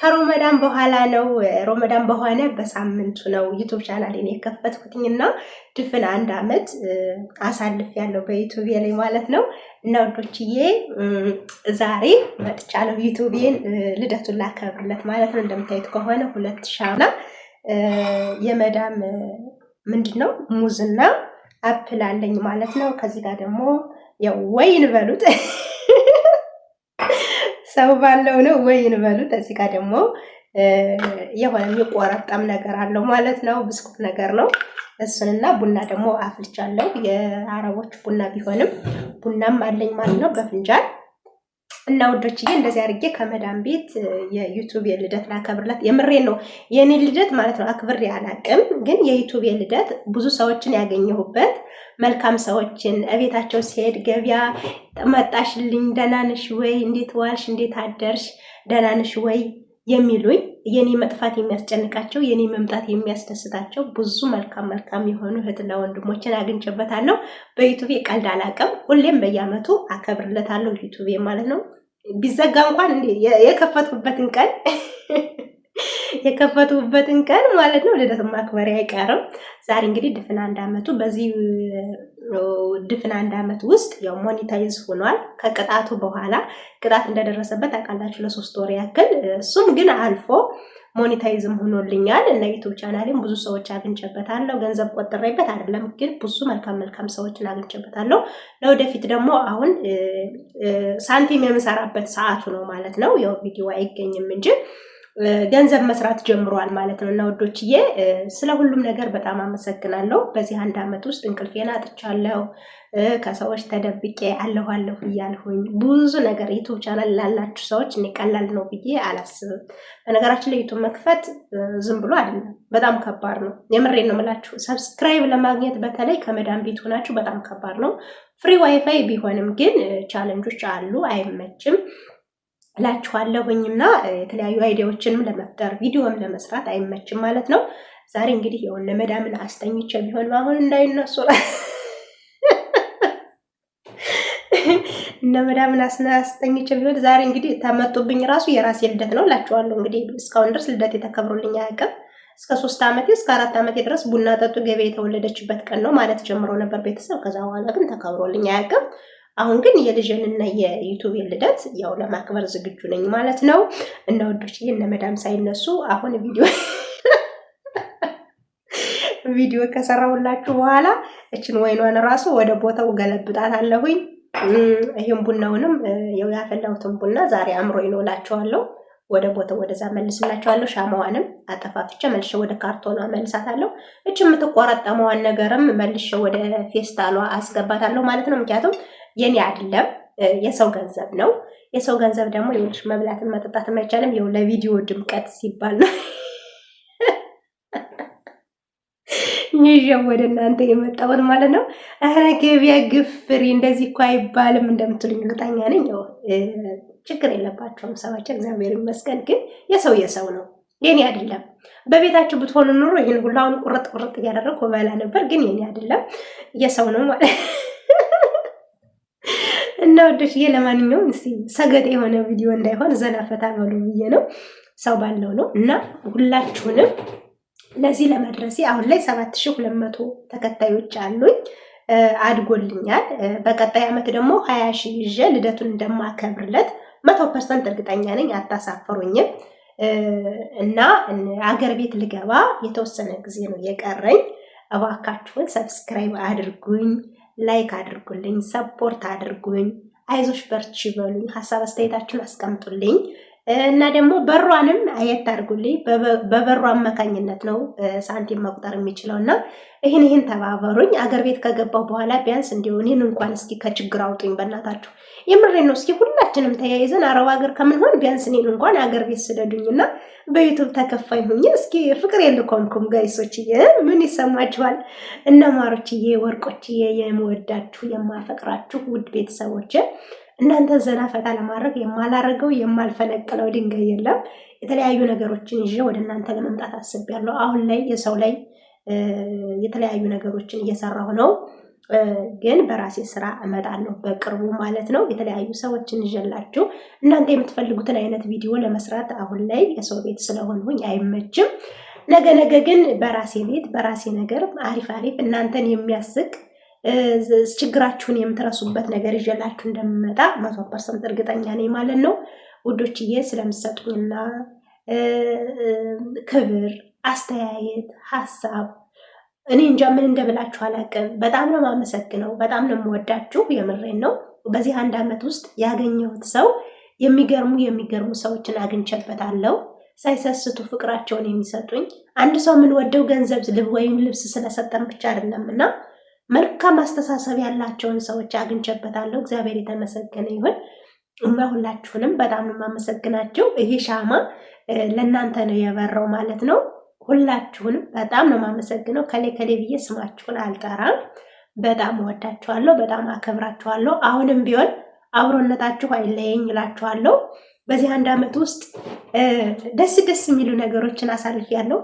ከሮመዳን በኋላ ነው። ሮመዳን በሆነ በሳምንቱ ነው ዩቱብ ቻናሌን የከፈትኩትኝ እና ድፍን አንድ አመት አሳልፍ ያለው በዩቱብ ላይ ማለት ነው። እና ወዶችዬ ዛሬ መጥቻለሁ። ዩቱቤን ልደቱን ላከብርለት ማለት ነው። እንደምታዩት ከሆነ ሁለት ሻና የመዳም ምንድን ነው ሙዝና አፕል አለኝ ማለት ነው። ከዚህ ጋር ደግሞ ያው ወይን በሉት ሰው ባለው ነው ወይ እንበሉ። እዚህ ጋር ደግሞ የሆነ የሚቆረጠም ነገር አለው ማለት ነው። ብስኩት ነገር ነው። እሱንና ቡና ደግሞ አፍልቻለሁ። የአረቦች ቡና ቢሆንም ቡናም አለኝ ማለት ነው በፍንጃል እና ወዶችዬ እንደዚህ አድርጌ ከመዳን ቤት የዩቱብ ልደት ላከብርላት። የምሬን ነው የኔ ልደት ማለት ነው አክብሬ አላቅም፣ ግን የዩቱብ ልደት ብዙ ሰዎችን ያገኘሁበት መልካም ሰዎችን እቤታቸው ሲሄድ ገበያ መጣሽልኝ፣ ደህና ነሽ ወይ፣ እንዴት ዋልሽ፣ እንዴት አደርሽ፣ ደህና ነሽ ወይ የሚሉኝ የኔ መጥፋት የሚያስጨንቃቸው የኔ መምጣት የሚያስደስታቸው ብዙ መልካም መልካም የሆኑ እህትና ወንድሞችን አግኝቼበታለሁ። በዩቱቤ ቀልድ አላቅም። ሁሌም በየአመቱ አከብርለታለሁ ዩቱቤ ማለት ነው። ቢዘጋ እንኳን የከፈቱበትን ቀን የከፈቱበትን ቀን ማለት ነው ልደት ማክበሪያ አይቀርም። ዛሬ እንግዲህ ድፍን አንድ አመቱ በዚህ ድፍን አንድ አመት ውስጥ ያው ሞኒታይዝ ሆኗል። ከቅጣቱ በኋላ ቅጣት እንደደረሰበት አውቃላችሁ፣ ለሶስት ወር ያክል እሱም ግን አልፎ ሞኔታይዝም ሆኖልኛል እና ዩቱብ ቻናሌም ብዙ ሰዎች አግኝቼበታለሁ። ገንዘብ ቆጥሬበት አይደለም፣ ግን ብዙ መልካም መልካም ሰዎችን አግኝቼበታለሁ። ለወደፊት ደግሞ አሁን ሳንቲም የምሰራበት ሰዓቱ ነው ማለት ነው። ያው ቪዲዮ አይገኝም እንጂ ገንዘብ መስራት ጀምሯል ማለት ነው። እና ወዶችዬ ስለ ሁሉም ነገር በጣም አመሰግናለሁ። በዚህ አንድ ዓመት ውስጥ እንቅልፌን አጥቻለሁ። ከሰዎች ተደብቄ አለሁ አለሁ እያልሁኝ ብዙ ነገር ዩቱብ ቻናል ላላችሁ ሰዎች እኔ ቀላል ነው ብዬ አላስብም። በነገራችን ላይ ዩቱብ መክፈት ዝም ብሎ አይደለም፣ በጣም ከባድ ነው። የምሬን ነው የምላችሁ። ሰብስክራይብ ለማግኘት በተለይ ከመዳን ቤት ሆናችሁ በጣም ከባድ ነው። ፍሪ ዋይፋይ ቢሆንም ግን ቻለንጆች አሉ፣ አይመችም እላችኋለሁኝና የተለያዩ አይዲያዎችንም ለመፍጠር ቪዲዮም ለመስራት አይመችም ማለት ነው። ዛሬ እንግዲህ የሆነ መዳምን አስተኝቼ ቢሆን አሁን እንዳይነሱ እነ መዳምን አስተኝቼ ቢሆን ዛሬ እንግዲህ ተመጡብኝ። ራሱ የራሴ ልደት ነው እላችኋለሁ። እንግዲህ እስካሁን ድረስ ልደት የተከብሮልኝ አያውቅም። እስከ ሶስት ዓመቴ እስከ አራት ዓመቴ ድረስ ቡና ጠጡ ገበያ የተወለደችበት ቀን ነው ማለት ጀምሮ ነበር ቤተሰብ። ከዛ በኋላ ግን ተከብሮልኝ አያውቅም። አሁን ግን የልጅንና የዩቱብ ልደት ያው ለማክበር ዝግጁ ነኝ ማለት ነው። እና ወዶች ይህን መዳም ሳይነሱ አሁን ቪዲዮ ቪዲዮ ከሰራሁላችሁ በኋላ እችን ወይኗን ራሱ ወደ ቦታው ገለብጣት አለሁኝ። ይህም ቡናውንም ያው ያፈላሁትን ቡና ዛሬ አምሮ ይኖላችኋለሁ ወደ ቦታው ወደዛ መልስላችኋለሁ። ሻማዋንም አጠፋፍቼ መልሼ ወደ ካርቶኗ መልሳታለሁ። እች የምትቆረጠመዋን ነገርም መልሼ ወደ ፌስታሏ አስገባታለሁ ማለት ነው። ምክንያቱም የኔ አይደለም፣ የሰው ገንዘብ ነው። የሰው ገንዘብ ደግሞ ይኸውልሽ መብላትን መጠጣት አይቻልም። ይኸው ለቪዲዮ ድምቀት ሲባል ነው ይዤው ወደ እናንተ የመጣሁት ማለት ነው። ኧረ ገቢያ ግፍሪ እንደዚህ እኮ አይባልም እንደምትሉኝ እርግጠኛ ነኝ። ያው ችግር የለባቸውም ሰባቸው፣ እግዚአብሔር ይመስገን። ግን የሰው የሰው ነው የኔ አይደለም። በቤታችሁ ብትሆኑ ኑሮ ይህን ሁሉ አሁን ቁርጥ ቁርጥ እያደረግኩ በላ ነበር። ግን የኔ አይደለም የሰው ነው ማለት እና ወደሽዬ ለማንኛውም እስኪ ሰገጥ የሆነ ቪዲዮ እንዳይሆን ዘና ፈታ በሉ ብዬ ነው። ሰው ባለው ነው እና ሁላችሁንም ለዚህ ለመድረሴ አሁን ላይ 7200 ተከታዮች አሉኝ አድጎልኛል። በቀጣይ ዓመት ደግሞ 20 ሺህ ይዤ ልደቱን እንደማከብርለት መቶ ፐርሰንት እርግጠኛ ነኝ። አታሳፈሩኝም። እና አገር ቤት ልገባ የተወሰነ ጊዜ ነው የቀረኝ። እባካችሁን ሰብስክራይብ አድርጉኝ። ላይክ አድርጉልኝ፣ ሰፖርት አድርጉኝ፣ አይዞሽ በርቺ በሉኝ፣ ሀሳብ አስተያየታችሁን አስቀምጡልኝ። እና ደግሞ በሯንም አየት አድርጉልኝ። በበሩ አማካኝነት ነው ሳንቲም መቁጠር የሚችለው እና ይህን ይህን ተባበሩኝ። አገር ቤት ከገባው በኋላ ቢያንስ እንዲሆን ይህን እንኳን እስኪ ከችግር አውጡኝ በእናታችሁ። የምሬ ነው። እስኪ ሁላችንም ተያይዘን አረብ ሀገር ከምንሆን ቢያንስ እኔን እንኳን አገር ቤት ስደዱኝ እና በዩቱብ ተከፋይ ሁኝ እስኪ ፍቅር የልኮምኩም ጋይሶችዬ፣ ምን ይሰማችኋል? እነማሮችዬ፣ ወርቆችዬ፣ የምወዳችሁ የማፈቅራችሁ ውድ ቤተሰቦች እናንተ ዘና ፈታ ለማድረግ የማላረገው የማልፈነቅለው ድንጋይ የለም። የተለያዩ ነገሮችን ይዤ ወደ እናንተ ለመምጣት አስቤያለሁ። አሁን ላይ የሰው ላይ የተለያዩ ነገሮችን እየሰራሁ ነው፣ ግን በራሴ ስራ እመጣለሁ በቅርቡ ማለት ነው። የተለያዩ ሰዎችን ይዤላችሁ እናንተ የምትፈልጉትን አይነት ቪዲዮ ለመስራት አሁን ላይ የሰው ቤት ስለሆንሁኝ አይመችም። ነገ ነገ ግን በራሴ ቤት በራሴ ነገር አሪፍ አሪፍ እናንተን የሚያስቅ ችግራችሁን የምትረሱበት ነገር ይዤላችሁ እንደምመጣ መቶ ፐርሰንት እርግጠኛ ነኝ ማለት ነው ውዶችዬ። ስለምሰጡኝና ክብር፣ አስተያየት፣ ሀሳብ እኔ እንጃ ምን እንደብላችሁ አላውቅም። በጣም ነው የማመሰግነው፣ በጣም ነው የምወዳችሁ። የምሬን ነው። በዚህ አንድ ዓመት ውስጥ ያገኘሁት ሰው የሚገርሙ የሚገርሙ ሰዎችን አግኝቼበታለሁ። ሳይሰስቱ ፍቅራቸውን የሚሰጡኝ አንድ ሰው የምንወደው ገንዘብ ወይም ልብስ ስለሰጠን ብቻ አይደለም እና መልካም አስተሳሰብ ያላቸውን ሰዎች አግኝቼበታለሁ። እግዚአብሔር የተመሰገነ ይሁን እና ሁላችሁንም በጣም የማመሰግናቸው። ይሄ ሻማ ለእናንተ ነው የበራው ማለት ነው። ሁላችሁንም በጣም ነው የማመሰግነው። ከሌ ከሌ ብዬ ስማችሁን አልጠራም። በጣም እወዳችኋለሁ፣ በጣም አከብራችኋለሁ። አሁንም ቢሆን አብሮነታችሁ አይለየኝ እላችኋለሁ። በዚህ አንድ ዓመት ውስጥ ደስ ደስ የሚሉ ነገሮችን አሳልፍ ያለው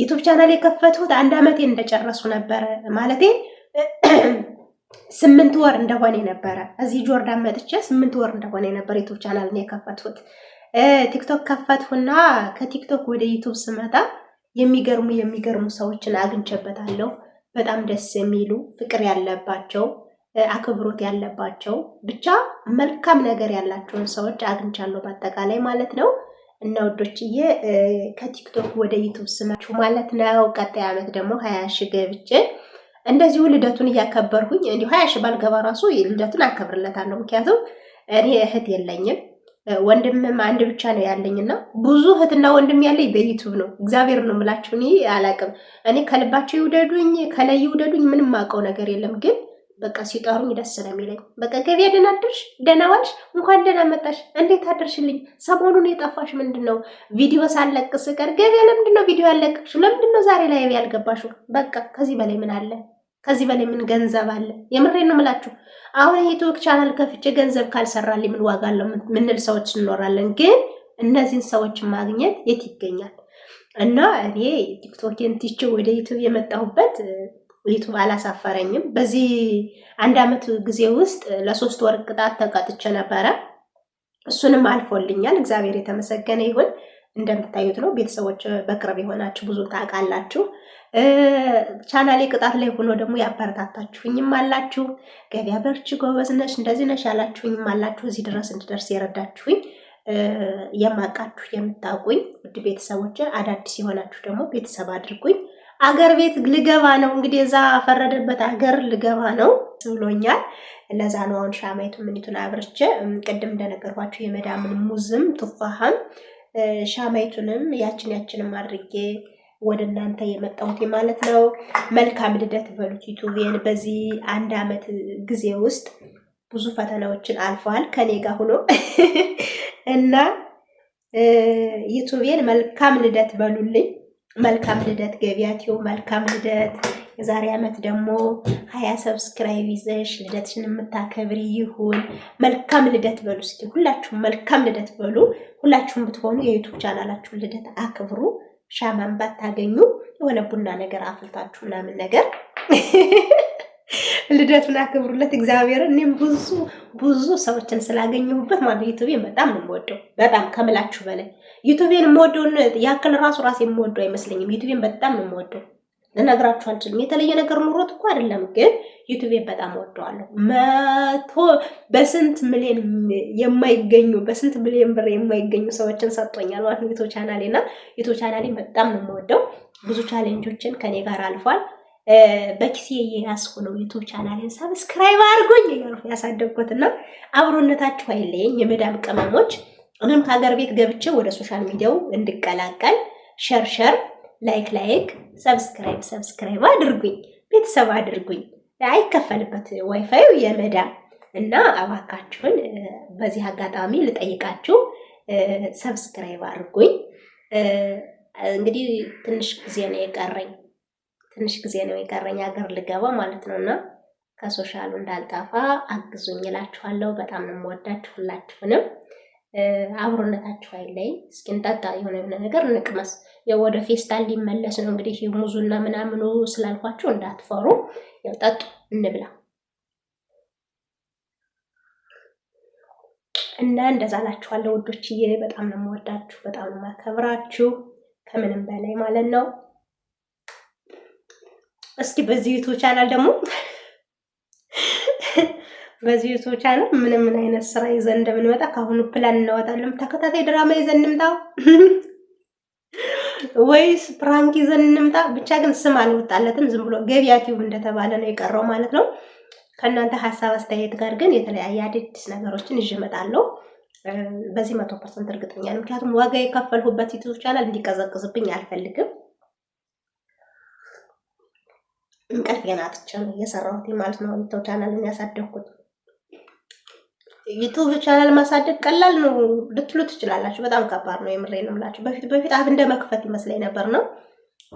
ዩቱብ ቻናል የከፈትሁት አንድ ዓመቴን እንደጨረሱ ነበረ ማለቴ ስምንት ወር እንደሆነ ነበረ እዚህ ጆርዳን መጥቼ ስምንት ወር እንደሆነ ነበር ዩቱብ ቻናል ነው የከፈትሁት። ቲክቶክ ከፈትሁና ከቲክቶክ ወደ ዩቱብ ስመጣ የሚገርሙ የሚገርሙ ሰዎችን አግኝቼበታለሁ። በጣም ደስ የሚሉ ፍቅር ያለባቸው አክብሮት ያለባቸው ብቻ መልካም ነገር ያላቸውን ሰዎች አግኝቻለሁ፣ በአጠቃላይ ማለት ነው። እና ወዶችዬ ከቲክቶክ ወደ ዩቱብ ስመ ማለት ነው። ቀጣይ ዓመት ደግሞ ሀያ ሺህ ገብቼ እንደዚሁ ልደቱን እያከበርኩኝ እንዲሁ ሀያ ሺህ ባልገባ ራሱ ልደቱን አከብርለታለሁ። ምክንያቱም እኔ እህት የለኝም ወንድምም አንድ ብቻ ነው ያለኝና ብዙ እህትና ወንድም ያለኝ በዩቱብ ነው። እግዚአብሔር ነው የምላችሁ። እኔ አላቅም። እኔ ከልባቸው ይውደዱኝ ከላይ ይውደዱኝ ምንም አውቀው ነገር የለም ግን በቃ ሲጠሩኝ ደስ ነው የሚለኝ። በቃ ገቢያ ደህና አደርሽ፣ ደህና ዋልሽ፣ እንኳን ደህና መጣሽ፣ እንዴት አደርሽልኝ፣ ሰሞኑን የጠፋሽ ምንድን ነው? ቪዲዮ ሳለቅስ ቀር ገቢያ፣ ለምንድን ነው ቪዲዮ ያለቅሽ? ለምንድን ነው ዛሬ ላይ ያልገባሽው? በቃ ከዚህ በላይ ምን አለ? ከዚህ በላይ ምን ገንዘብ አለ? የምሬ ነው ምላችሁ። አሁን የዩቲዩብ ቻናል ከፍቼ ገንዘብ ካልሰራልኝ ምን ዋጋ አለው ምንል ሰዎች እንኖራለን። ግን እነዚህን ሰዎች ማግኘት የት ይገኛል? እና እኔ ቲክቶክን ትቼ ወደ ዩቱብ የመጣሁበት ዩቱብ አላሳፈረኝም። በዚህ አንድ አመት ጊዜ ውስጥ ለሶስት ወር ቅጣት ተቀጥቼ ነበረ። እሱንም አልፎልኛል። እግዚአብሔር የተመሰገነ ይሁን። እንደምታዩት ነው። ቤተሰቦች በቅርብ የሆናችሁ ብዙ ታውቃላችሁ። ቻናሌ ቅጣት ላይ ሆኖ ደግሞ ያበረታታችሁኝም አላችሁ። ገቢያ በርች ጎበዝ ነሽ፣ እንደዚህ ነሽ ያላችሁኝም አላችሁ። እዚህ ድረስ እንድደርስ የረዳችሁኝ የማውቃችሁ የምታውቁኝ ውድ ቤተሰቦች፣ አዳዲስ የሆናችሁ ደግሞ ቤተሰብ አድርጉኝ። አገር ቤት ልገባ ነው እንግዲህ እዛ ፈረደበት አገር ልገባ ነው ብሎኛል። ለዛ ነው አሁን ሻማይቱ ምኒቱን አብርቼ ቅድም እንደነገርኳችሁ የመዳምን ሙዝም ቱፋሃም ሻማይቱንም ያችን ያችንም አድርጌ ወደ እናንተ የመጣሁት ማለት ነው። መልካም ልደት በሉት ዩቱቤን። በዚህ አንድ አመት ጊዜ ውስጥ ብዙ ፈተናዎችን አልፈዋል ከኔ ጋር ሆኖ እና ዩቱቤን መልካም ልደት በሉልኝ። መልካም ልደት ገቢያቴው፣ መልካም ልደት የዛሬ ዓመት ደግሞ ሀያ ሰብስክራይብ ይዘሽ ልደትሽን የምታከብሪ ይሁን። መልካም ልደት በሉ እስኪ ሁላችሁም መልካም ልደት በሉ። ሁላችሁም ብትሆኑ የዩቱብ ቻናላችሁ ልደት አክብሩ። ሻማን ባታገኙ የሆነ ቡና ነገር አፍልታችሁ ምናምን ነገር ልደቱን አክብሩለት። እግዚአብሔር እኔም ብዙ ብዙ ሰዎችን ስላገኘሁበት ማለት ዩቱቤን በጣም ነው የምወደው፣ በጣም ከምላችሁ በላይ ዩቱቤን የምወደውን ያክል ራሱ ራሴ የምወደው አይመስለኝም። ዩቱቤን በጣም ነው የምወደው። ልነግራችሁ አልችልም። የተለየ ነገር ኑሮት እኮ አይደለም፣ ግን ዩቱቤ በጣም ወደዋለሁ። መቶ በስንት ሚሊዮን የማይገኙ በስንት ሚሊዮን ብር የማይገኙ ሰዎችን ሰጥቶኛል ማለት ነው ዩቱ ቻናሌ እና ዩቱ ቻናሌ በጣም ነው የምወደው። ብዙ ቻሌንጆችን ከኔ ጋር አልፏል። በኪሴ የያዝኩ ነው ዩቱብ ቻናሌን ሰብስክራይብ አድርጎኝ እያልኩ ያሳደግኩትና አብሮነታችሁ አይለየኝ የመዳም ቅመሞች። እኔም ከሀገር ቤት ገብቼ ወደ ሶሻል ሚዲያው እንድቀላቀል ሸርሸር ላይክ ላይክ ሰብስክራይብ ሰብስክራይብ አድርጉኝ፣ ቤተሰብ አድርጉኝ። አይከፈልበት ዋይፋዩ የመዳም እና እባካችሁን በዚህ አጋጣሚ ልጠይቃችሁ ሰብስክራይብ አድርጉኝ። እንግዲህ ትንሽ ጊዜ ነው የቀረኝ ትንሽ ጊዜ ነው የቀረኝ ሀገር ልገባ ማለት ነው እና ከሶሻሉ እንዳልጠፋ አግዙኝ እላችኋለሁ። በጣም ነው የምወዳችሁ ሁላችሁንም። አብሮነታችሁ አይለይ። እስኪ እንጠጣ የሆነ የሆነ ነገር እንቅመስ። ወደ ፌስታ ሊመለስ ነው እንግዲህ ሙዙና ምናምኑ ስላልኳችሁ እንዳትፈሩ። ያው ጠጡ፣ እንብላ እና እንደዛ ላችኋለሁ ውዶችዬ። በጣም ነው የምወዳችሁ፣ በጣም ነው የማከብራችሁ ከምንም በላይ ማለት ነው። እስኪ በዚህ ዩቱብ ቻናል ደግሞ በዚህ ዩቱብ ቻናል ምን ምን አይነት ስራ ይዘን እንደምንመጣ ከአሁኑ ፕላን እናወጣለን። ተከታታይ ድራማ ይዘን እንምጣው። ወይስ ፕራንክ ይዘን እንምጣ? ብቻ ግን ስም አልወጣለትም። ዝም ብሎ ገቢያ ቲዩብ እንደተባለ ነው የቀረው ማለት ነው። ከእናንተ ሀሳብ አስተያየት ጋር ግን የተለያየ አዲስ ነገሮችን ይዤ እመጣለሁ። በዚህ መቶ ፐርሰንት እርግጠኛ ነው። ምክንያቱም ዋጋ የከፈልሁበት ዩቱብ ቻናል እንዲቀዘቅዝብኝ አልፈልግም። እንቅልፍ ገና አጥቼ ነው እየሰራሁት ማለት ነው። ዩቱብ ቻናልን ያሳደግኩት ዩቱብ ቻናል ማሳደግ ቀላል ነው ልትሉ ትችላላችሁ። በጣም ከባድ ነው። የምሬ ነው የምላችሁ። በፊት በፊት አፍ እንደ መክፈት ይመስለኝ ነበር ነው።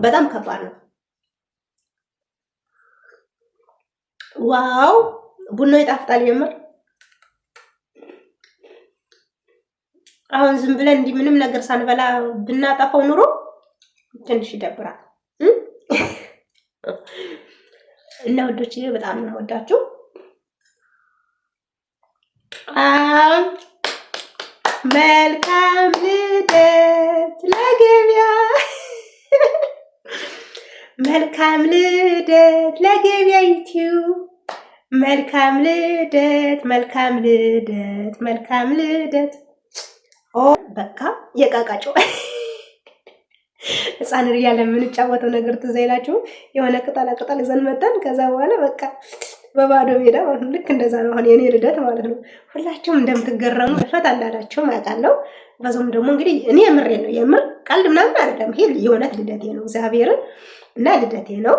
በጣም ከባድ ነው። ዋው ቡና ይጣፍጣል። የምር አሁን ዝም ብለን እንዲህ ምንም ነገር ሳንበላ ብናጠፋው ኑሮ ትንሽ ይደብራል እና ወዶች በጣም ነው መልካም ልደት ለገበያ መልካም ልደት ለገቢያ ዩቲዩብ መልካም ልደት መልካም ልደት መልካም ልደት። ኦ በቃ የቃቃቸው ህፃን እያለን የምንጫወተው ነገር ትዝ ይላችሁ? የሆነ ቅጠላ ቅጠል ይዘን መጣን። ከዛ በኋላ በቃ በባዶ ሜዳ ማለት ነው። ልክ እንደዛ ነው አሁን የኔ ልደት ማለት ነው። ሁላችሁም እንደምትገረሙ ፈት እንዳላችሁ አውቃለሁ። በዞም ደግሞ እንግዲህ እኔ የምሬ ነው የምር ቀልድ ምናምን አይደለም። ይሄ የእውነት ልደቴ ነው እግዚአብሔርን እና ልደቴ ነው።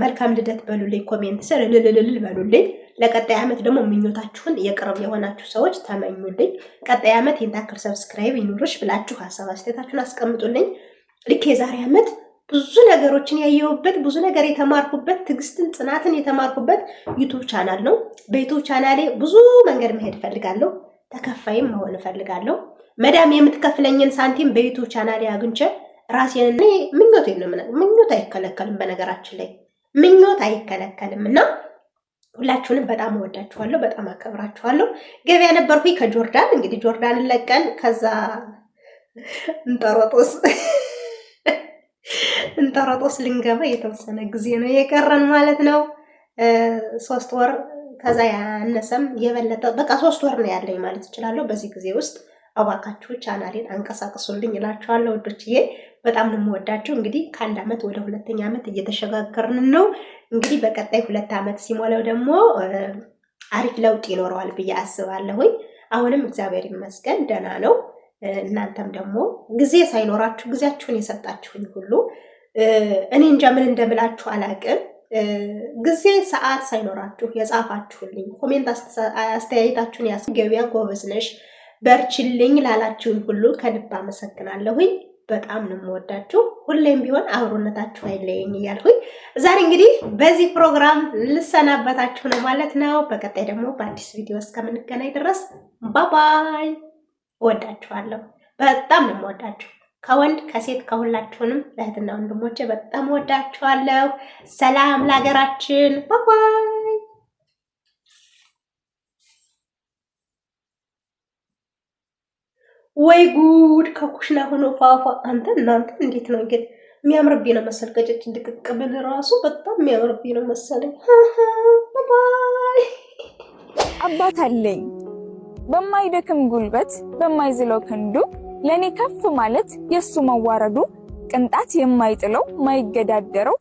መልካም ልደት በሉልኝ፣ ኮሜንት ስር ልልልልል በሉልኝ። ለቀጣይ ዓመት ደግሞ ምኞታችሁን የቅርብ የሆናችሁ ሰዎች ተመኙልኝ። ቀጣይ ዓመት ይህን ታክል ሰብስክራይብ ይኑርሽ ብላችሁ ሀሳብ አስተያየታችሁን አስቀምጡልኝ። ልክ የዛሬ ዓመት ብዙ ነገሮችን ያየሁበት ብዙ ነገር የተማርኩበት ትዕግስትን፣ ጽናትን የተማርኩበት ዩቱብ ቻናል ነው። በዩቱብ ቻናሌ ብዙ መንገድ መሄድ እፈልጋለሁ። ተከፋይም መሆን እፈልጋለሁ። መዳም የምትከፍለኝን ሳንቲም በዩቱብ ቻናሌ አግኝቼ ራሴን ምኞት ምኞት አይከለከልም። በነገራችን ላይ ምኞት አይከለከልም እና ሁላችሁንም በጣም እወዳችኋለሁ፣ በጣም አከብራችኋለሁ። ገበያ ነበርኩኝ ከጆርዳን እንግዲህ ጆርዳንን ለቀን ከዛ እንጠሮጦስ እንጠረጦስ ልንገባ የተወሰነ ጊዜ ነው የቀረን ማለት ነው። ሶስት ወር ከዛ ያነሰም የበለጠ በቃ ሶስት ወር ነው ያለኝ ማለት እችላለሁ። በዚህ ጊዜ ውስጥ እባካችሁ ቻናሌን አንቀሳቅሱልኝ እላችኋለሁ ወዶችዬ። በጣም ነው እንግዲህ ከአንድ አመት ወደ ሁለተኛ አመት እየተሸጋገርን ነው። እንግዲህ በቀጣይ ሁለት አመት ሲሞላው ደግሞ አሪፍ ለውጥ ይኖረዋል ብዬ አስባለሁኝ። አሁንም እግዚአብሔር ይመስገን ደህና ነው። እናንተም ደግሞ ጊዜ ሳይኖራችሁ ጊዜያችሁን የሰጣችሁኝ ሁሉ እኔ እንጃ ምን እንደምላችሁ አላቅም። ጊዜ ሰዓት ሳይኖራችሁ የጻፋችሁልኝ ኮሜንት፣ አስተያየታችሁን ያስ ገቢያ ጎበዝ ነሽ በርችልኝ ላላችሁን ሁሉ ከልብ አመሰግናለሁኝ። በጣም ነው የምወዳችሁ። ሁሌም ቢሆን አብሮነታችሁ አይለየኝ እያልሁኝ ዛሬ እንግዲህ በዚህ ፕሮግራም ልሰናበታችሁ ነው ማለት ነው። በቀጣይ ደግሞ በአዲስ ቪዲዮ እስከምንገናኝ ድረስ ባባይ። እወዳችኋለሁ። በጣም ነው የምወዳችሁ። ከወንድ ከሴት ከሁላችሁንም ለህትና ወንድሞቼ በጣም ወዳችኋለሁ። ሰላም ለሀገራችን። ባባይ ወይ ጉድ! ከኩሽና ሆኖ ፏፏ። አንተ እናንተ እንዴት ነው ግን? የሚያምርብኝ ነው መሰል ገጨች ድቅቅ ብል ራሱ በጣም የሚያምርብኝ ነው መሰለኝ። አባት አለኝ በማይደክም ጉልበት በማይዝለው ክንዱ ለእኔ ከፍ ማለት የእሱ መዋረዱ ቅንጣት የማይጥለው ማይገዳደረው